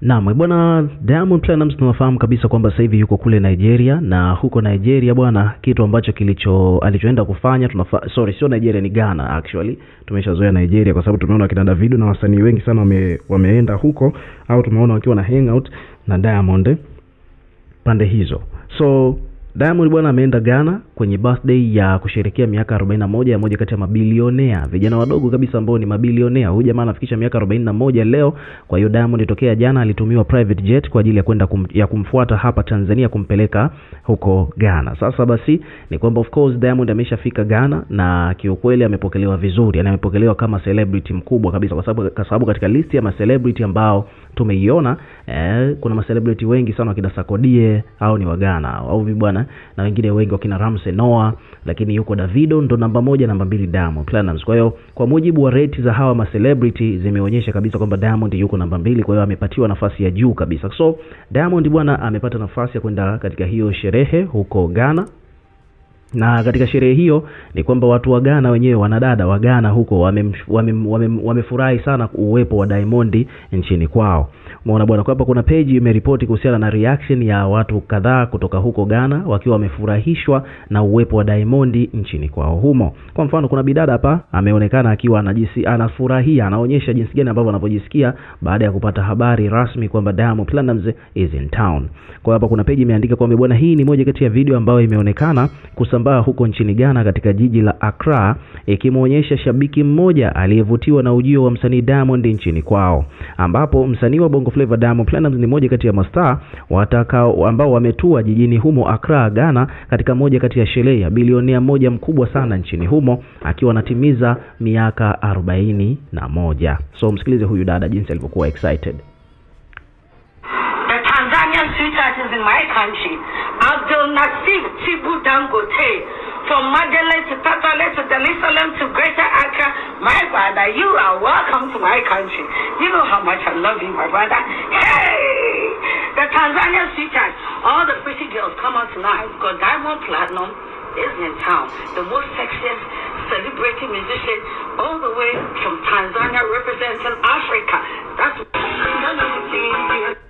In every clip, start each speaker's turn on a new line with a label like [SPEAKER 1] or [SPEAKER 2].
[SPEAKER 1] Naam, eh, bwana Diamond Platnumz tunafahamu kabisa kwamba sasa hivi yuko kule Nigeria na huko Nigeria bwana, kitu ambacho kilicho alichoenda kufanya tunafa, sorry sio Nigeria, ni Ghana actually. Tumeshazoea Nigeria kwa sababu tumeona wakina Davido na wasanii wengi sana wame, wameenda huko au tumeona wakiwa na hangout na Diamond eh, pande hizo. So Diamond bwana ameenda Ghana kwenye birthday ya kusherekea miaka 41 ya moja kati ya mabilionea vijana wadogo kabisa ambao ni mabilionea. Huyu jamaa anafikisha miaka 41 leo. Kwa hiyo Diamond tokea jana alitumiwa private jet kwa ajili ya kwenda kum, ya kumfuata hapa Tanzania kumpeleka huko Ghana. Sasa basi ni kwamba of course Diamond ameshafika Ghana na kiukweli amepokelewa vizuri, yani amepokelewa kama celebrity mkubwa kabisa, kwa sababu kwa sababu katika listi ya ma celebrity ambao tumeiona eh, kuna ma celebrity wengi sana wakina Sakodie au ni wa Ghana au vibwana na wengine wengi wakina Ramsey Senoa, lakini yuko Davido ndo namba moja, namba mbili Diamond Platnumz. Kwa hiyo kwa mujibu wa rate za hawa ma celebrity zimeonyesha kabisa kwamba Diamond yuko namba mbili, kwa hiyo amepatiwa nafasi ya juu kabisa. So Diamond bwana amepata nafasi ya kwenda katika hiyo sherehe huko Ghana na katika sherehe hiyo ni kwamba watu wa Ghana wenyewe wanadada wa Ghana huko wamefurahi wame, wame, wame sana uwepo wa Diamond nchini kwao. Umeona bwana, kwa hapa kuna page imeripoti kuhusiana na reaction ya watu kadhaa kutoka huko Ghana wakiwa wamefurahishwa na uwepo wa Diamond nchini kwao humo. Kwa mfano, kuna bidada hapa ameonekana akiwa anajisi anafurahia, anaonyesha jinsi gani ambavyo anapojisikia baada ya kupata habari rasmi kwamba Diamond Platinumz is in town. Kwa hapa kuna page imeandika kwamba bwana, hii ni moja kati ya video ambayo imeonekana kusa imesambaa huko nchini Ghana katika jiji la Accra ikimwonyesha shabiki mmoja aliyevutiwa na ujio wa msanii Diamond nchini kwao, ambapo msanii wa Bongo Flava Diamond Platnumz ni mmoja kati ya mastaa watakao ambao wametua jijini humo Accra, Ghana katika moja kati ya sherehe ya bilionea mmoja mkubwa sana nchini humo akiwa anatimiza miaka arobaini na moja. So msikilize huyu dada jinsi alivyokuwa excited. country. Abdul Nasif Tibu Dangote, from Magdalene to Tatale to Jerusalem to Greater Accra, my brother, you are welcome to my country. You know how much I love you, my brother. Hey! The Tanzanian sweetheart, all the pretty girls come out tonight. because got Diamond Platinum is in town. The most sexiest celebrity musician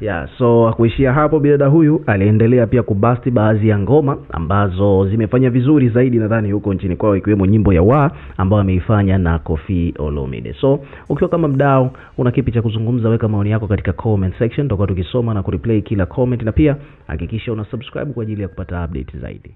[SPEAKER 2] Yeah, so akuishia hapo, bidada huyu aliendelea pia kubasti baadhi ya ngoma ambazo zimefanya vizuri zaidi nadhani huko nchini kwao, ikiwemo nyimbo ya wa ambayo ameifanya na Koffi Olomide. So ukiwa kama mdau, una kipi cha kuzungumza? Weka maoni yako katika comment section, tutakuwa tukisoma na kureplay kila comment, na pia hakikisha una subscribe kwa ajili ya kupata update zaidi.